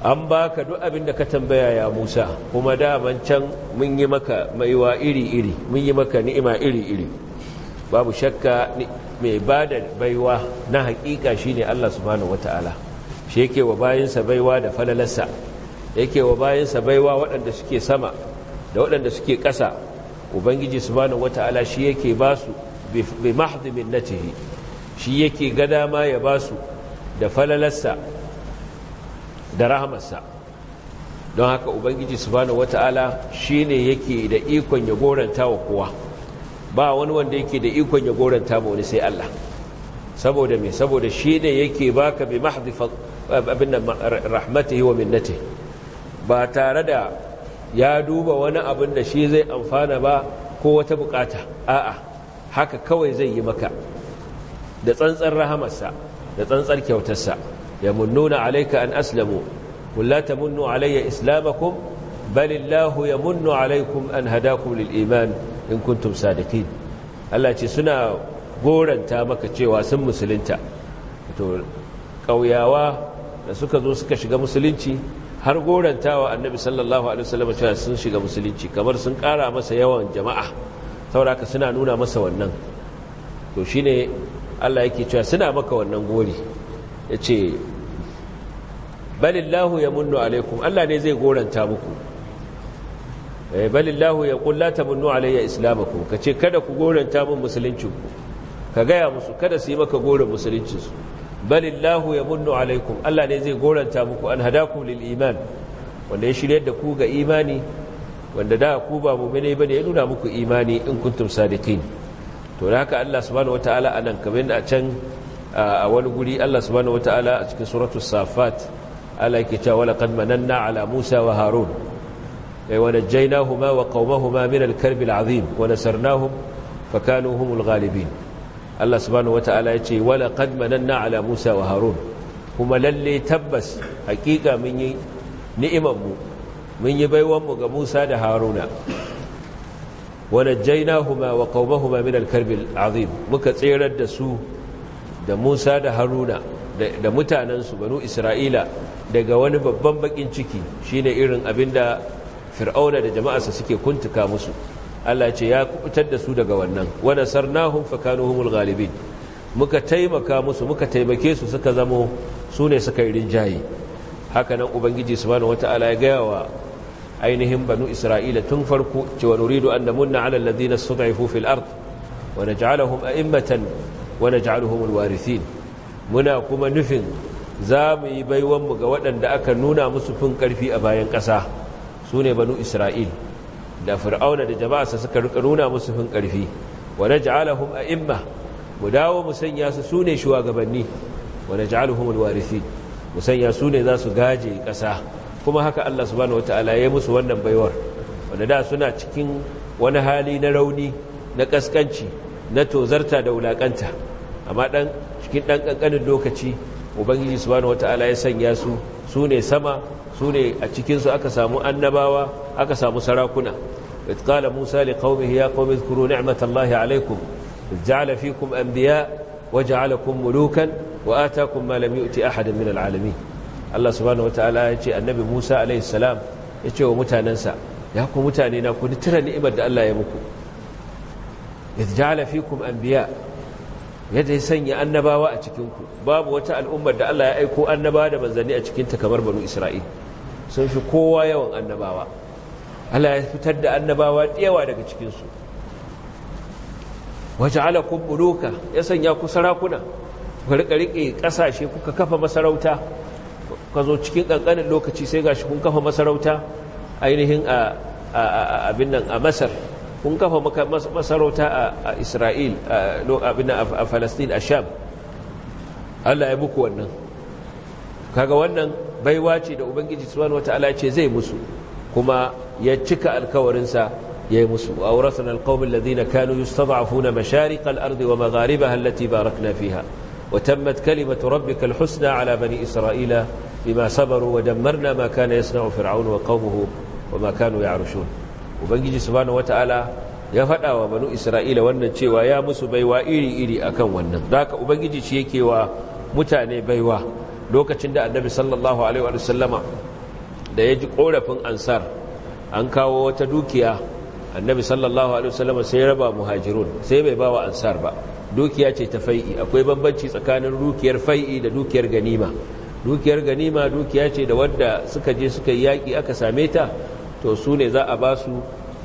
Speaker 1: an baka duk abin da ka tambaya ya Musa kuma daman can mun yi maka maiwa iri-iri mun yi maka ni'ima iri-iri babu shakka mai da baiwa na hakika shine Allah subhanahu wataala shi yake wa bayansa baiwa da falalarsa yake wa bayansa baiwa waɗanda suke sama da waɗanda suke ƙasa ubangiji subhanahu wataala shi yake ba basu bi na minnatihi shi yake ga dama ya ba su da falalarsa da rahamarsa don haka ubangiji subhanahu wata'ala shine yake da ikon ya goranta wa kowa ba wani wanda yake da ikon ya goranta ba wani sai Allah saboda me saboda shine yake baka bi mahdi abin rahmatihi wa minnatihi ba tare da ya duba wani abin da shi zai amfana ba ko wata bukata a'a haka kawai zai yi maka da tsantsar rahamarsa da tsantsar kyautarsa yamunnuna alayka an aslamu qul la tamunnu alayya islamakum bal illahu yamunnu alaykum an hadakum lil iman in kuntum sadiqin Allah ce suna goranta maka cewa sun musulunta to kauyawa da suka zo suka shiga musulunci har gorantawa annabi sallallahu alaihi wasallam cewa sun shiga musulunci kamar sun kara masa yawan jama'a sauraka suna nuna masa wanan to shine Allah yake cewa suna maka wannan gori ya ce balillahu ya munnu alaikum Allah ne zai goranta muku eh, balillahu ya kulla ta munnu alayya islamakun ka ce kada ku goranta mun musuluncinku ka gaya musu kada su yi maka goron musuluncinsu balillahu ya munnu alaikum Allah ne zai goranta muku an hada lil iman wanda ya shirya da ku ga imani wanda da ku ba mu'mini bane ya nuna muku imani in kuntum sadiqin to da haka Allah subhanahu wataala anan kamar a can a wani guri Allah subhanahu wataala a cikin suratul safat Allah yake cewa laqad mananna ala Musa wa Harun ay wa najaynahuma wa qaumahuma min al-karb al-azim wa nasarnahum fakanu humul ghalibin Allah subhanahu wataala yace wa laqad mananna ala Musa wa Harun kuma lalle tabbas hakika mun yi ni'imar mu mun yi baiwan mu ga Musa da Haruna wa najaynahuma wa qaumahuma min al-karb al-azim muka tsirar da su da musa da haruna da mutanensu banu isra'ila daga wani babban bakin ciki shine irin abinda fir'auna da jama'arsa suke kuntuka musu Allah ce ya kubutar da su daga wannan wa nasarnahum fakanuhumul ghalibin muka taimaka musu muka taimake su suka zamo su ne suka yi rinjaye haka nan ubangiji wata wataala ya gaya wa ainihin banu isra'ila tun farko cewa nuridu an namunna ala alladhina istud'ifu fil ard wa naj'alahum a'immatan wani ja'alhumul warithin muna kuma nufin za mu yi baiwanmu ga waɗanda aka nuna musu fin ƙarfi a bayan ƙasa su ne banu isra'il da fir'auna da jama'arsa suka nuna musu fin ƙarfi wani ja'alhum a imma mu dawo mu sanya su su ne shugabanni wani ja'alhumul warithin mu sanya su ne za su gaje ƙasa kuma haka allah subhanahu wataala ya musu wannan baiwar wanda da suna cikin wani hali na rauni na ƙasƙanci na tozarta da wulaƙanta amma ɗan cikin ɗan ƙanƙanin lokaci ubangiji su wani wata'ala ya sanya su su ne sama su ne a cikinsu aka samu annabawa aka samu sarakuna it kala musa li ni'matallahi alaykum ja'ala fikum anbiya wa wa atakum ma lam yu'ti ahadan min al'alamin Allah ya ce annabi Musa alayhi ya ce wa mutanansa ya mutane na ku nitira ni'imar da ya muku idh ja'ala fikum anbiya yadda ya sanya annabawa a cikinku babu wata al'ummar da Allah ya aiko annabawa da manzanni a cikinta kamar banu isra'il sun fi kowa yawan annabawa Allah ya fitar da annabawa yawa daga cikinsu waje alakun buluka ya sanya ku sarakuna ku rika riƙe kasashe kuka kafa masarauta ka zo cikin kankanin lokaci sai gashi kun kafa masarauta ainihin a abin nan a masar kun kafa masarauta a isra'il a falastin a sham allah ya muku wannan kaga wannan baiwa ce da ubangiji subhanahu wataala ce zai musu kuma ya cika alkawarinsa ya yi musu a wurasan alkawmin ladina kanu yustad'afuna masharik al-ardi wa magharibaha allati barakna fiha وتمت كلمة ربك الحسنى isra'ila بني إسرائيل بما marna ودمرنا ما wa يصنع فرعون وقومه kanu ya يعرشون ubangiji subhanahu wataala ya faɗa wa banu isra'ila wannan cewa ya musu baiwa iri-iri akan wannan zaka ubangiji ce yake wa mutane baiwa lokacin da annabi sallallahu alaihi wa da ya ji korafin ansar an kawo wata dukiya annabi sallallahu alaihi wa sallama sai raba muhajirun sai bai ba wa ansar ba dukiya ce ta fai'i akwai bambanci tsakanin dukiyar fai'i da dukiyar ganima dukiyar ganima dukiya ce da wadda suka je suka yi yaƙi aka same ta to su ne za a ba su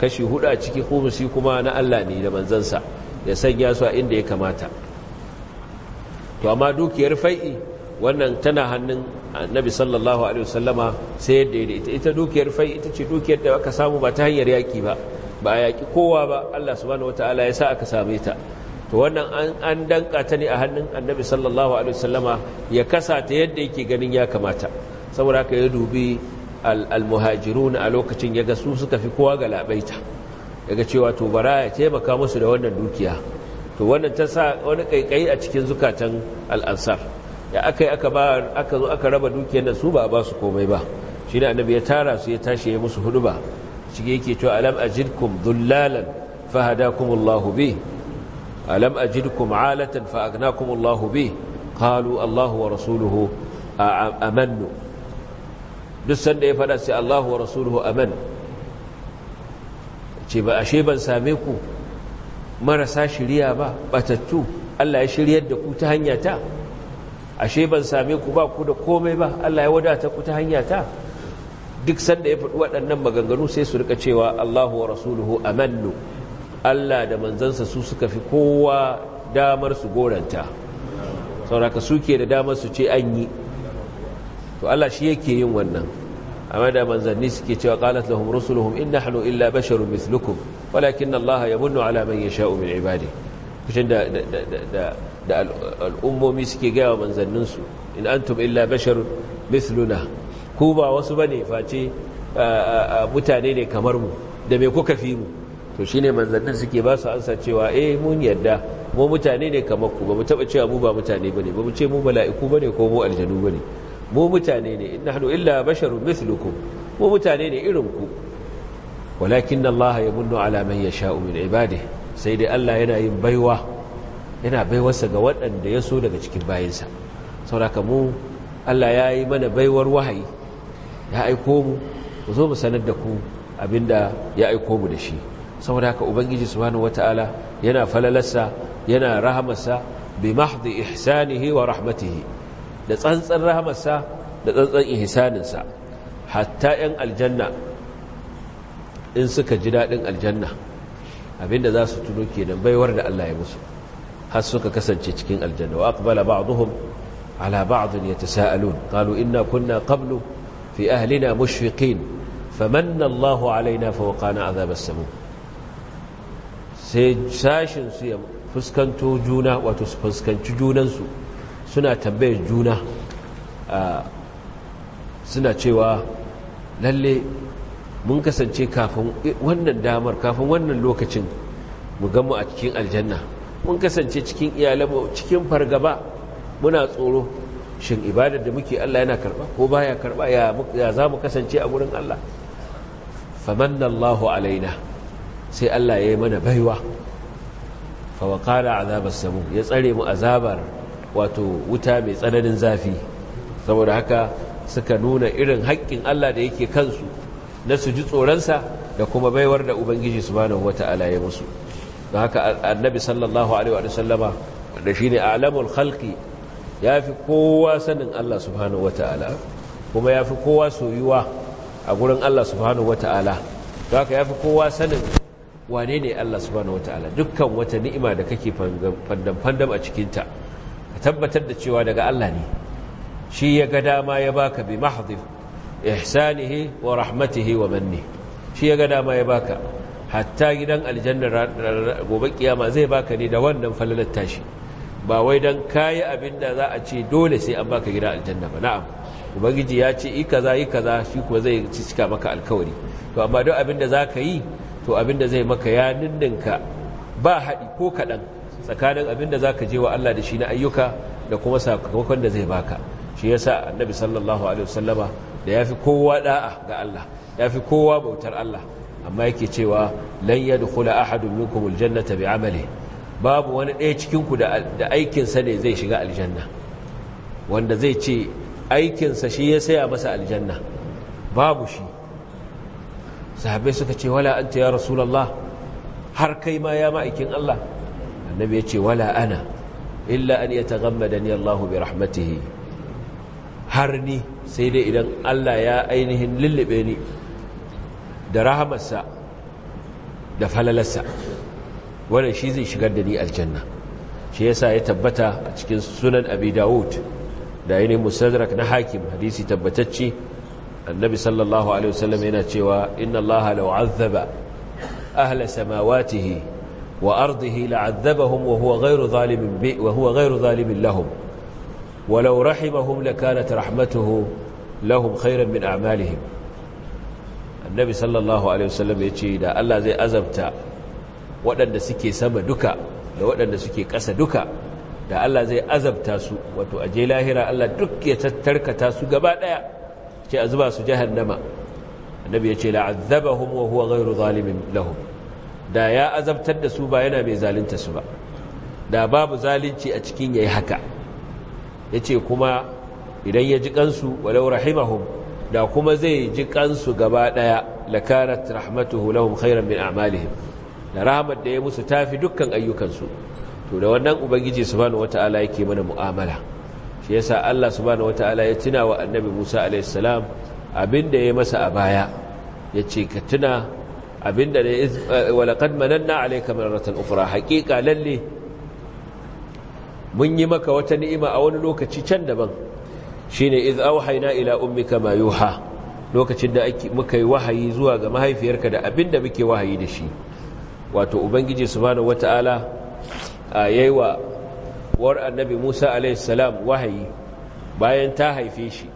Speaker 1: kashi hudu a ciki humusi kuma na Allah ne da manzansa ya sanya su a inda ya kamata to amma dukiyar fai'i wannan tana hannun annabi sallallahu alaihi wasallama sai yadda ya ita ita dukiyar fai'i ita ce dukiyar da aka samu ba ta hanyar yaki ba ba a yaki kowa ba Allah subhanahu wataala ya sa aka same ta to wannan an danka ta ne a hannun annabi sallallahu alaihi wasallama ya kasa ta yadda yake ganin ya kamata saboda haka ya dubi al-muhajirun a lokacin ya ga su suka fi kowa ga galabaita yaga cewa to bara ya taimaka musu da wannan dukiya to wannan ta sa wani kaikayi a cikin zukatan al'ansar. ya aka yi aka ba aka zo aka raba dukiyar da su ba ba su komai ba shine annabi ya tara su ya tashi ya musu ba. shige yake cewa alam ajidkum dhullalan fahadakumullahu bi alam ajidkum alatan fa agnakumullahu bi qalu allahu wa rasuluhu amannu duk sanda ya faɗa sai allahu wa rasuluhu amen. ce ba ashe ban same ku marasa shirya ba batattu Allah ya shiryar da ku ta hanya ta ashe ban same ku ba ku da komai ba Allah ya wadata ku ta hanya ta duk sanda ya faɗi waɗannan maganganu sai su rika cewa allahu wa rasuluhu amannu Allah da manzansa su suka fi kowa damar su goranta sauraka suke da damar su ce an yi to Allah shi yake yin wannan amma da manzanni suke cewa qalat lahum rusuluhum in nahnu illa basharun mithlukum walakin Allah yamunnu ala man yasha'u min ibadi kushin da da da al'ummomi suke gaya wa manzannin su in antum illa basharun mithluna ku ba wasu bane face mutane ne kamar mu da me kuka fi mu to shine manzannin suke ba su ansa cewa eh mun yadda mu mutane ne kamar ku ba mu taba cewa mu ba mutane bane ba mu ce mu mala'iku bane ko mu aljanu bane mu mutane ne in nahnu illa basharun mithlukum mu mutane ne irin ku walakin Allah ya munnu ala man yasha'u min ibadihi sai dai Allah yana yin baiwa yana baiwarsa ga waɗanda ya so daga cikin bayinsa sauraka mu Allah ya yi mana baiwar wahayi ya aiko mu mu zo mu sanar da ku abinda ya aiko mu da shi saboda haka ubangiji subhanahu wataala yana falalarsa yana rahamarsa bi mahdi ihsanihi wa rahmatihi da tsantsan rahamarsa da tsantsan ihisaninsa hatta 'yan aljanna in suka ji daɗin aljanna abinda za su tuno kenan baiwar da Allah ya musu har suka kasance cikin aljanna wa aqbala ba'dhum ala ba'd yatasaalun qalu inna kunna qablu fi ahlina mushfiqin famanna Allahu alaina fawqana azab as-samum sai sashin su ya fuskanto juna wato su fuskanci junansu suna tambayar juna suna cewa lalle mun kasance kafin wannan damar kafin wannan lokacin mu gamu a cikin aljanna mun kasance cikin iyalanmu cikin fargaba muna tsoro shin ibadar da muke Allah yana karba ko baya karba ya za mu kasance a gurin Allah famanna Allahu alaina sai Allah ya yi mana baiwa fa waqala samu ya tsare mu azabar wato wuta mai tsananin zafi saboda haka suka nuna irin haƙƙin Allah da yake kansu na su ji tsoronsa da kuma baiwar da ubangiji subhanahu wata'ala ya musu don haka annabi sallallahu alaihi wa sallama da shi alamun alamul khalqi fi kowa sanin Allah subhanahu ta'ala kuma ya fi kowa soyuwa a gurin Allah subhanahu wata'ala don haka fi kowa sanin wane ne Allah subhanahu ta'ala dukkan wata ni'ima da kake fandam fandam a cikinta tabbatar da cewa daga Allah ne shi ya ga dama ya baka bi mahdhi ihsanihi wa rahmatihi wa manni shi ya ga dama ya baka hatta gidan aljanna gobe kiyama zai baka ne da wannan falalar tashi ba wai dan kayi abinda za a ce dole sai an baka gidan aljanna ba na'am ubangiji ya ce yi kaza yi kaza shi kuma zai cika maka alkawari to amma duk abinda za ka yi to abinda zai maka ya ninninka ba haɗi ko kaɗan tsakanin abin da za ka je wa Allah da shi na ayyuka da kuma sakamakon da zai baka shi ya sa annabi sallallahu alaihi wasallama da ya fi kowa da'a ga Allah ya fi kowa bautar Allah amma yake cewa lan yadkhula ahadun minkum aljannata bi'amali babu wani ɗaya cikin ku da aikinsa ne zai shiga aljanna wanda zai ce aikinsa shi ya saya masa aljanna babu shi sahabbai suka ce wala anta ya rasulullah har kai ma ya aikin Allah annabi ya ce wala ana illa an ya ni Allahu bi rahmatihi har ni sai dai idan Allah ya ainihin lullube ni da rahamarsa da falalarsa wannan shi zai shigar da ni aljanna shi yasa ya tabbata a cikin sunan abi dawud da yana musadrak na hakim hadisi tabbatacci. annabi sallallahu alaihi wasallam yana cewa inna allaha law azzaba ahla samawatihi وأرضه لعذبهم وهو غير ظالم, وهو غير ظالم لهم ولو رحمهم لكانت رحمته lahum khairan min a'malihim annabi sallallahu alaihi wasallam yace da Allah zai azabta waɗanda suke sama duka da waɗanda suke ƙasa duka da Allah zai azabta su wato aje lahira Allah duk ya tattarkata su gaba daya ce a zuba su jahannama annabi yace la'azzabahum wa huwa ghairu zalimin lahum da ya azabtar da su ba yana mai zalinta su ba da babu zalunci a cikin yayi haka ya ce kuma idan ya ji kansu walau rahimahum da kuma zai ji kansu gaba daya lakarat rahmatuhu lahum khairan min a'malihim da rahmat da ya musu tafi dukkan ayyukansu to da wannan ubangiji subhanahu wataala yake mana mu'amala shi yasa Allah subhanahu wataala ya tuna wa annabi Musa a.s. salam abinda ya masa a baya yace ka tuna abinda ne eh, walakad mananna alayka marratan ufura haqiqa lalle mun yi maka wata ni'ima a wani lokaci can daban shine iz auhayna ila ummika ma yuha lokacin da muka yi wahayi zuwa ga mahaifiyarka da abinda muke wahayi da shi wato ubangiji subhanahu wataala yayi wa war annabi Musa alayhi salam wahayi bayan ta haife shi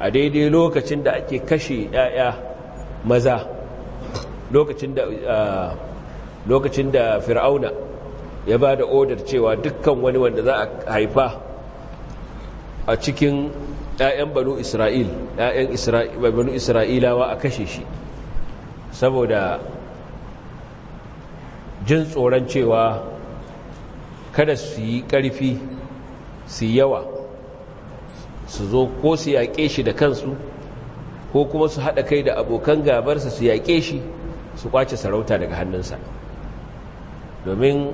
Speaker 1: a daidai lokacin da ake kashe 'ya'ya maza Ah, lokacin da fir'auna ya ba da odar cewa dukkan wani wanda za a haifa a cikin 'ya'yan banu isra'il 'ya'yan banu isra'ilawa a kashe shi saboda jin tsoron cewa kada su yi ƙarfi su yawa su zo ko su yaƙe shi da kansu ko kuma su haɗa kai da abokan gabarsa su yaƙe shi su kwace sarauta daga hannunsa domin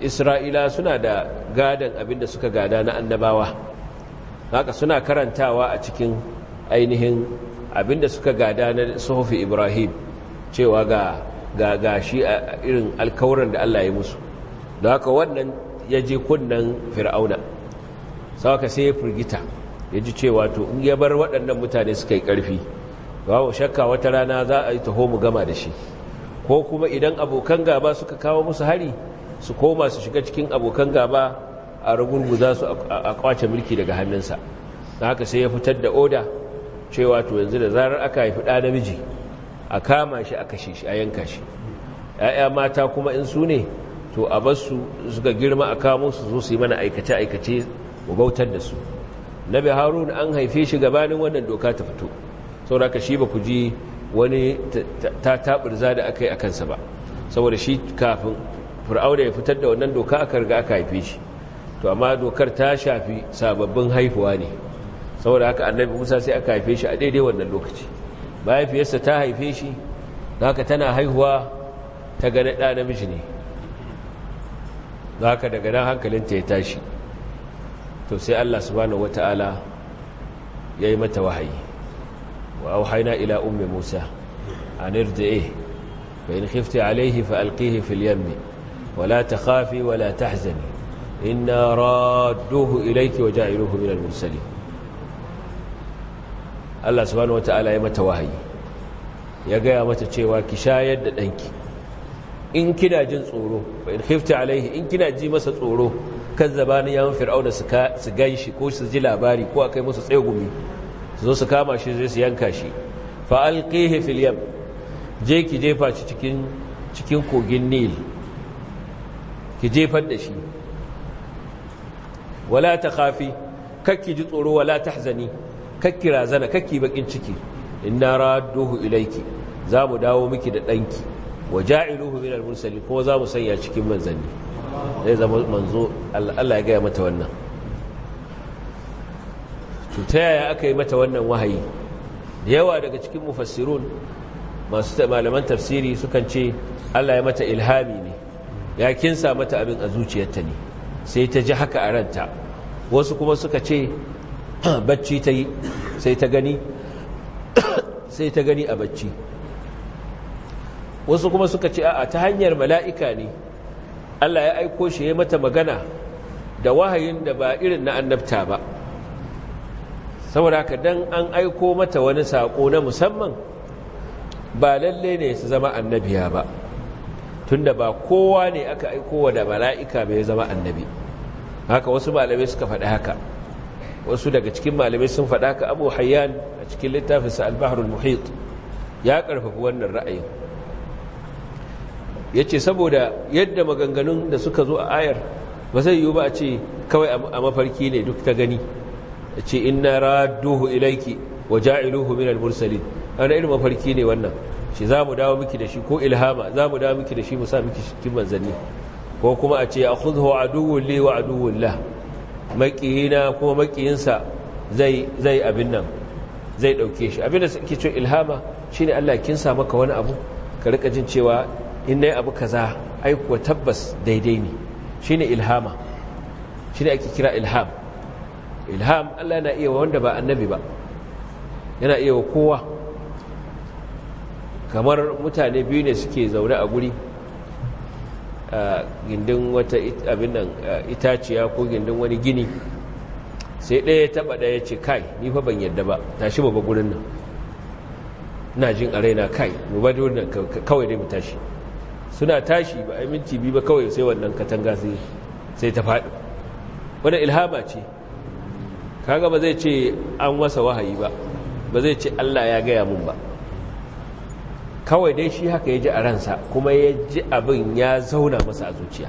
Speaker 1: isra'ila suna da gadon abinda suka gada na annabawa haka suna karantawa a cikin ainihin abinda suka gada na suhufi ibrahim cewa ga gashi a irin alkawuran da allah ya musu da haka wannan ya je kunnan fir'auna sauka sai ya firgita ya ji cewa to in ya bar waɗannan mutane suka yi ƙarfi babu shakka wata rana za a yi taho mu gama da shi ko kuma idan abokan gaba suka kawo musu hari su koma su shiga cikin abokan gaba a za su a kwace mulki daga hannunsa na haka sai ya fitar da oda cewa to yanzu da zarar aka haifi ɗa namiji a kama shi a kashe shi a yanka shi ‘ya'ya mata kuma in su ne to a basu suka girma a kamo su zo su yi mana aikace-aikace mu bautar da su nabi harun an haife shi gabanin wannan doka ta fito ka shi ba ku ji wani ta taɓurza da aka yi a kansa ba saboda shi kafin fir'auna ya fitar da wannan doka aka riga aka haife shi to amma dokar ta shafi sababbin haifuwa ne saboda haka annabi musa sai aka haife shi a daidai wannan lokaci mahaifiyarsa ta haife shi haka tana haihuwa ta gani ɗa namiji ne haka daga nan hankalinta ya tashi to sai allah subhanahu wata'ala ya yi mata wahayi وأوحينا إلى أم موسى أن ارجئيه فإن خفت عليه فألقيه في اليم ولا تخافي ولا تحزني إنا رادوه إليك وجعلوه من المرسلين الله سبحانه وتعالى يا متى وهي يا gaya mata cewa ki shayar da danki in kina jin tsoro fa in khifta alaihi in kina ji masa tsoro kazzabani yan fir'auna su ganshi ko su ji labari ko akai musu tsegumi zo su kama shi zai su yanka shi fa alqihi je ki jefa shi cikin kogin nil ki jefar da shi wala takhafi kakki ji tsoro wala tahzani kakki razana kakki bakin ciki inna radduhu ilaiki za mu dawo miki da danki wa ja'iluhu minal mursalin kuma za mu sanya cikin manzanni zai zama manzo Allah ya gaya mata wannan to ta yaya aka yi mata wannan wahayi da yawa daga cikin mufassirun masu malaman tafsiri sukan ce Allah ya mata ilhami ne ya kinsa mata abin a zuciyarta ne sai ta ji haka a ranta wasu kuma suka ce bacci ta yi sai ta gani sai ta gani a bacci wasu kuma suka ce a ta hanyar mala'ika ne Allah ya aiko shi ya mata magana da wahayin da ba irin na annabta ba saboda haka dan an aiko mata wani sako na musamman ba lalle ne su zama annabiya ba tunda ba kowa ne aka aiko wa da mala'ika bai zama annabi haka wasu malamai suka faɗi haka wasu daga cikin malamai sun faɗa haka abu hayyan a cikin littafinsa al-bahrul muhit ya ƙarfafi wannan ra'ayin ya ce saboda yadda maganganun da suka zo a ayar ba zai yiwu ba a ce kawai a mafarki ne duk ta gani ce na raduhu ilaiki wa ja'iluhu min al-mursalin ana irin mafarki ne wannan shi za mu dawo miki da shi ko ilhama za mu dawo miki da shi mu sa miki cikin manzanni ko kuma a ce akhudhu aduwwun li wa aduwwun la makiyina ko makiyinsa zai zai abin nan zai dauke shi abin da suke cewa ilhama shine Allah kin sa maka wani abu ka rika jin cewa in nayi abu kaza ai kuwa tabbas daidai ne shine ilhama shine ake kira ilham ilham Allah na iya wanda ba annabi ba yana iya wa kowa kamar mutane biyu ne suke zaune a guri a gindin wata abin nan itaciya ko gindin wani gini sai ɗaya taɓa ɗaya ce kai ni fa ban yadda ba tashi ba gurin nan ina jin a raina kai mu ba nan kawai dai mu tashi suna tashi ba a minti biyu ba kawai sai wannan katanga sai ta faɗi wannan ilhama ce kaga ba zai ce an wasa wahayi ba ba zai ce Allah ya gaya mun ba kawai dai shi haka ya ji a ransa kuma ya ji abin ya zauna masa a zuciya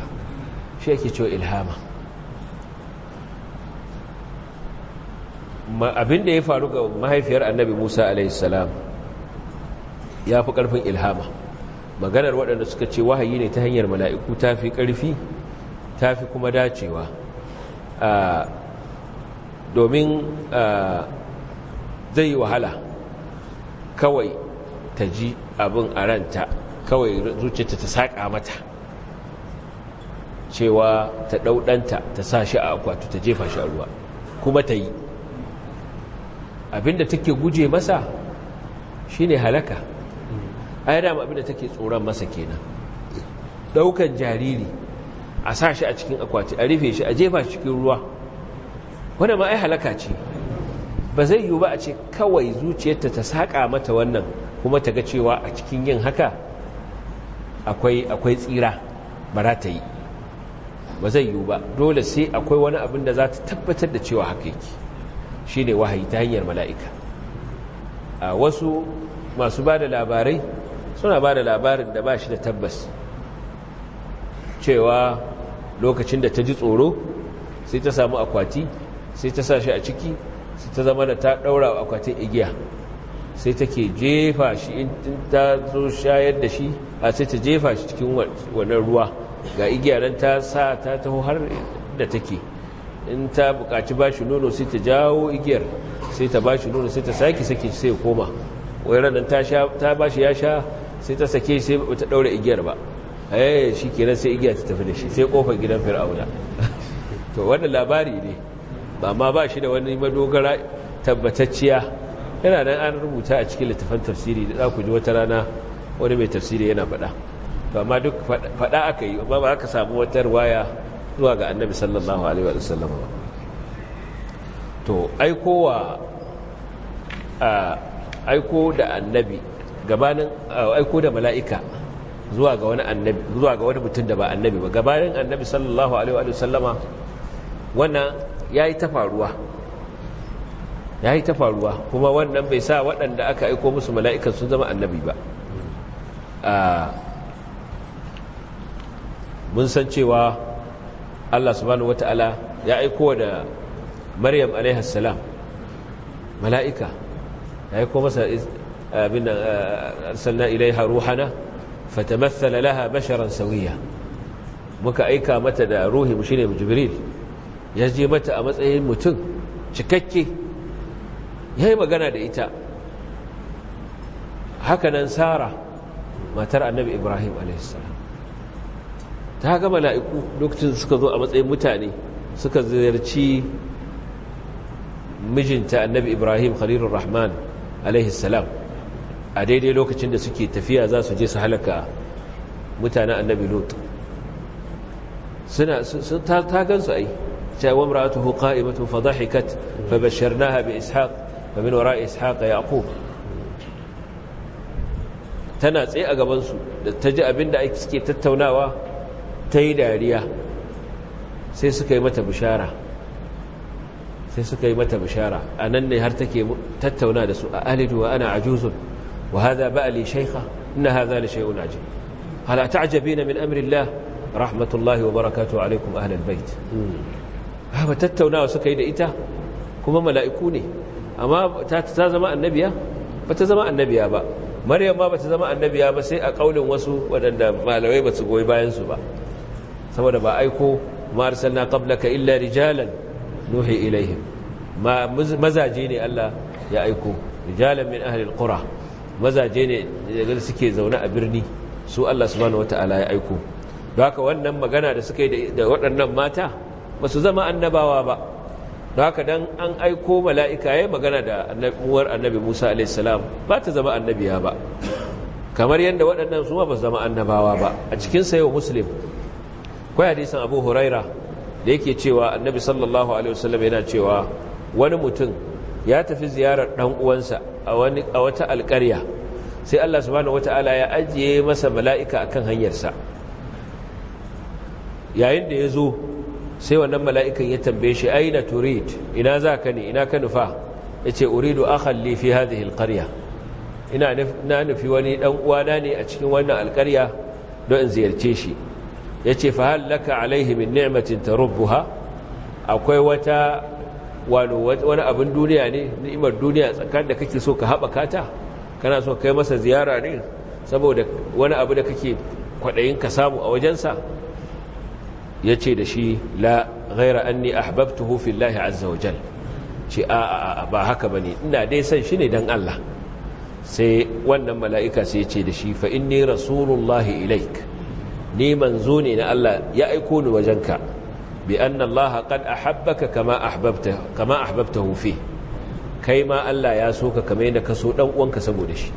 Speaker 1: shi yake cewa ilhama abin da ya faru ga mahaifiyar annabi musa alaihissalam ya fi ƙarfin ilhama maganar waɗanda suka ce wahayi ne ta hanyar mala'iku ta fi ƙarfi ta fi kuma dacewa ah, domin ah, zai yi wahala kawai ta ji abin a ranta kawai zuciyarta ta saƙa mata cewa ta ɗauɗanta ta sa shi a akwatu ta jefa shi a ruwa kuma ta yi abinda take guje masa shine halaka a yi dama abinda take tsoron masa kenan ɗaukan jariri a sa shi a cikin akwati a rufe shi a jefa cikin ruwa wanda ma ai halaka ce ba zai yiwu ba a ce kawai zuciyarta ta saƙa mata wannan kuma ta ga cewa a cikin yin haka akwai tsira ba za ta yi ba zai yiwu ba dole sai akwai wani abin da za ta tabbatar da cewa haka yake shi ne wahayi ta hanyar mala'ika a wasu masu ba da labarai suna ba da labarin da ba shi da tabbas cewa lokacin da ta ji tsoro sai ta samu akwati sai ta sa shi a ciki sai ta zama da ta daura akwatin igiya sai ke jefa shi in ta zo shayar da shi a sai ta jefa shi cikin wannan ruwa ga igiya nan ta sa ta taho har da take in ta buƙaci ba shi nono sai ta jawo igiyar sai ta ba shi nono sai ta sake sake sai koma wairan nan ta ba shi ya sha sai ta sake sai ta daura igiyar ba eh shi kenan sai igiya ta tafi da shi sai ƙofar gidan fir'auna to wannan labari ne ba ma ba shi da wani madogara tabbatacciya yana nan an rubuta a cikin littafin tafsiri da za ku ji wata rana wani mai tafsiri yana faɗa to amma duk faɗa aka yi amma ba aka samu wata waya zuwa ga annabi sallallahu alaihi wa sallam ba to aikowa aiko da annabi gabanin aiko da mala'ika zuwa ga wani annabi zuwa ga wani mutum da ba annabi ba gabanin annabi sallallahu alaihi wa sallama wannan ya yi ta faruwa ya yi ta faruwa kuma wannan bai sa waɗanda aka aiko musu mala'ikan sun zama annabi ba mun san cewa Allah subhanahu taala ya aiko da Maryam alaihassalam mala'ika ya aiko masa abin nan arsalna ilaiha ruhana fatamathala laha basharan sawiya muka aika mata da ruhi mu shine jibril ya je mata a matsayin mutum cikakke ya yi magana da ita hakanan sara matar annabi ibrahim a.s. ta gama la'iku lokacin suka zo a matsayin mutane suka ziyarci mijinta annabi ibrahim khalilur rahman a.s. a daidai lokacin da suke tafiya za su je su halaka mutanen annabi lot suna ta a ai cewa imra'atuhu qa'imatun fa dhahikat fa tana tsaye a gaban da ta ji abinda ake suke tattaunawa ta yi dariya sai suka yi mata bishara sai suka yi mata bishara a ne har take tattauna da su a alidu wa ana ajuzun wa min amri rahmatullahi wa barakatuhu alaykum ahlal bait ba tattaunawa suka yi da ita kuma mala'iku ne amma ta zama annabiya ba ta zama annabiya ba maryam ma ba ta zama annabiya ba sai a ƙaunin wasu waɗanda malamai ba su goyi bayansu ba saboda ba aiko ma arsalna qablaka illa rijalan nuhi ilaihim mazaje ne Allah ya aiko rijalan min ahli ƙura. mazaje ne da suke zaune a birni su Allah subhanahu wataala ya aiko don haka wannan magana da suka yi da waɗannan mata ba su zama annabawa ba da haka dan an aiko mala'ika ya magana da annabuwar annabi musa alaihissalam ba ta zama annabiya ba kamar yadda waɗannan su ba su zama annabawa ba a cikin sayo muslim kwai hadisan abu huraira da yake cewa annabi sallallahu alaihi yana cewa wani mutum ya tafi ziyarar ɗan uwansa a wata alƙarya sai Allah subhanahu wata'ala ya ajiye masa mala'ika akan hanyarsa yayin da ya zo sai wannan mala'ikan ya tambaye shi aina turid ina za ka ne ina ka nufa ya ce uridu akhalli fi hadhihi alqarya ina na nufi wani dan uwana ne a cikin wannan alqarya don in ziyarce shi yace ce fa hal laka alaihi min ni'matin tarubbuha akwai wata wani abin duniya ne ni'imar duniya tsakar da kake so ka haɓaka ta kana so kai masa ziyara ne saboda wani abu da kake kwaɗayin ka samu a wajensa ya ce da shi la ghaira anni ahbabtuhu fillahi azza wa jal ce a ba haka bane ina dai san shi ne dan Allah sai wannan mala'ika sai ce da shi fa inni rasulullahi ilaik ni manzo ne na Allah ya aiko ni wajenka bi anna Allah qad ahabbaka kama ahbabta kama ahbabtahu fi kai ma Allah ya so ka kamar yadda ka so dan uwanka saboda shi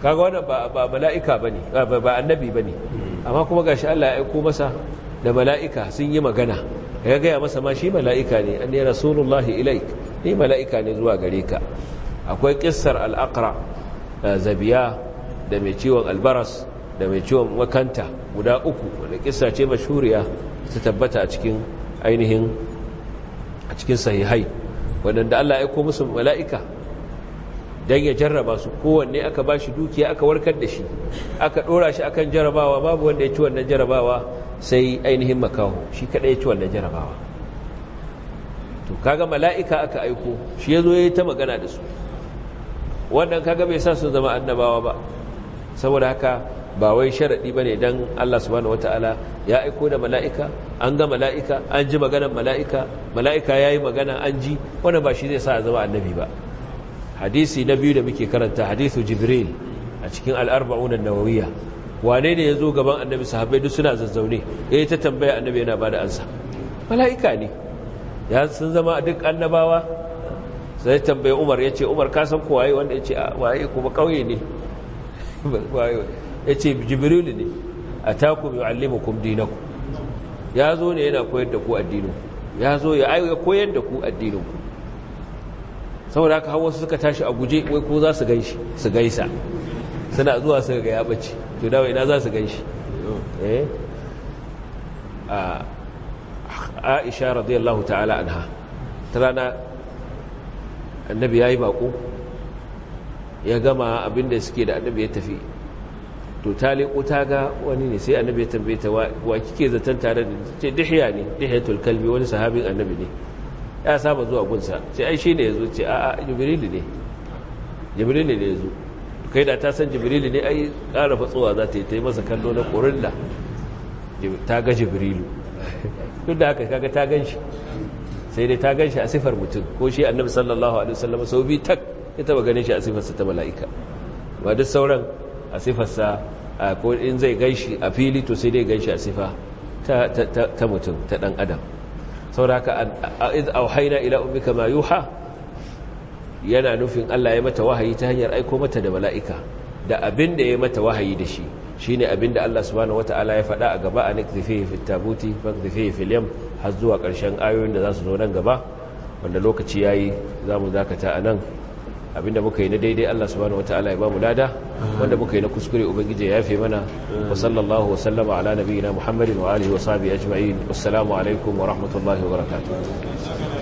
Speaker 1: kaga wannan ba ba mala'ika bane ba annabi bane amma kuma gashi Allah ya aiko masa da mala'ika sun yi magana ya gaya masa ma shi mala'ika ne an ne rasulullahi ilaik ni mala'ika ne zuwa gare ka akwai ƙisar al'akra eh, zabiya da mai ciwon albaras da mai ciwon makanta guda uku wadda kissa ce mashuriya ta tabbata a cikin ainihin a cikin sahihai waɗanda Allah ya ko musu mala'ika don ya jarraba su kowanne aka ba shi dukiya aka warkar da shi aka ɗora shi akan jarrabawa babu wanda ya ci wannan jarrabawa sai ainihin makaho shi kaɗai ya ci wannan jarabawa to kaga mala'ika aka aiko shi ya zo ya yi ta magana da su wannan kaga bai sa sun zama annabawa ba saboda haka ba wai sharaɗi ba ne don Allah subhanahu wata'ala ya aiko da mala'ika an ga mala'ika an ji maganan mala'ika mala'ika ya yi magana an ji wannan ba shi zai sa a zama annabi ba hadisi na biyu da muke karanta hadisu jibril a cikin al'arba'unan nawawiya wane ne ya zo gaban annabi sahabbai duk suna zazzaune ya yi ta tambaya annabi yana ba da ansa mala'ika ne ya sun zama duk annabawa sai tambaya umar ya ce umar kasan ko waye wanda ya ce waye kuma ƙauye ne ya ce jibrilu ne a taku allima yu'allimukum dinaku ya zo ne yana koyar da ku addininku ya zo ya koyar da ku ku saboda haka hawa suka tashi a guje wai ko za su gaisa suna zuwa suka ga ya bace to dawa ina za su gan shi eh? a aisha radiyallahu ta'ala anha ta rana annabi ya yi bako ya gama abinda suke da annabi ya tafi to ta leƙo ta ga wani ne sai annabi ya tambaye ta wa kike zaton tare da ce dihiya ne dihiyatul kalbi wani sahabin annabi ne ya saba zuwa gunsa sai ai shi ne ya zo ce a'a jibrilu ne jibrilu ne ya zo kai da ta san jibrilu ne ai ƙara fatsowa za ta yi ta yi masa kallo na ƙorilla ta ga jibrilu duk da haka kaga ta gan shi sai dai ta gan shi a sifar mutum ko shi annabi sallallahu alaihi wasallam sau bi tak ya taba ganin shi a sifarsa ta mala'ika ba duk sauran a sifarsa ko in zai gan shi a fili to sai dai gan shi a sifa ta mutum ta ɗan adam sauraka iz auhaina ila ummika ma yuha yana nufin Allah ya mata wahayi ta hanyar aiko mata da mala'ika da abin da ya mata wahayi da shi shine abin da Allah subhanahu wataala ya faɗa a gaba a nikzifihi fit tabuti fakzifihi har zuwa ƙarshen ayoyin da za su zo nan gaba wanda lokaci yayi zamu zakata anan da muka yi na daidai Allah subhanahu wataala ya bamu lada wanda muka yi na kuskure ubangiji ya yafe mana wa sallallahu wa sallama ala nabiyyina muhammadin wa alihi wa sahbihi ajma'in assalamu alaikum wa rahmatullahi wa barakatuh